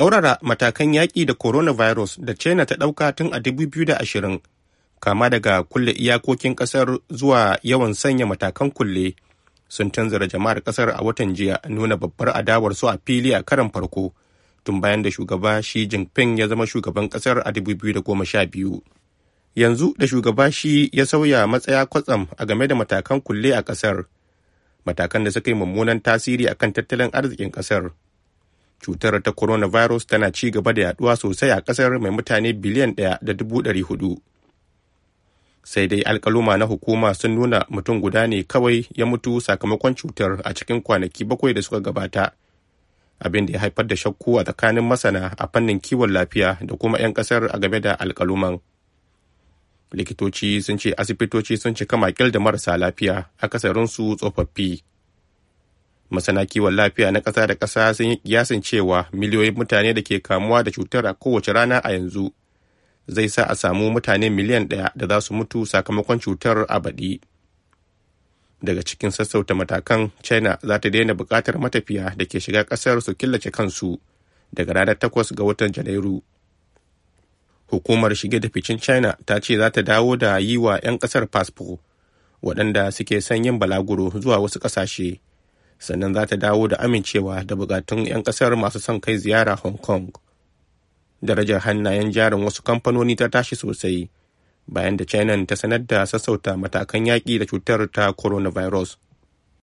Saurara matakan yaƙi da coronavirus da china ta ɗauka tun a 2020 kama daga kulle iyakokin ƙasar zuwa yawan sanya matakan kulle sun canzara jama'ar ƙasar a watan jiya nuna babbar adawar su a fili a karan farko tun bayan da shugaba shi Jinping ya zama shugaban ƙasar a 2012 yanzu da shugaba shi ya sauya matsaya kwatsam a game da matakan kulle a ƙasar matakan da suka yi mummunan tasiri akan tattalin arzikin ƙasar cutar ta coronavirus tana ci gaba da yaduwa sosai a kasar mai mutane biliyan ɗaya da dubu ɗari hudu sai dai alkaluma na hukuma sun nuna mutum guda ne kawai ya mutu sakamakon cutar a cikin kwanaki bakwai da suka gabata abin da ya haifar da shakku a tsakanin masana a fannin kiwon lafiya da kuma 'yan kasar a game da alkaluman likitoci sun ce asibitoci sun cika makil da marasa lafiya akasarinsu tsofaffi masana kiwon lafiya na ƙasa da ƙasa sun yi kiyasin cewa miliyoyin mutane da ke kamuwa da cutar a kowace rana a yanzu zai sa a samu mutane miliyan ɗaya da za su mutu sakamakon cutar a baɗi daga cikin sassauta matakan china za ta daina buƙatar matafiya da ke shiga ƙasar su killace kansu daga ranar takwas ga watan janairu hukumar shige da ficin china ta ce za ta dawo da yi wa 'yan ƙasar fasfo waɗanda suke son yin balaguro zuwa wasu ƙasashe sannan za ta dawo da amincewa da bukatun 'yan kasar masu son kai ziyara hong kong darajar hannayen jarin wasu kamfanoni ta tashi sosai bayan da china ta sanar da sassauta matakan yaƙi da cutar ta coronavirus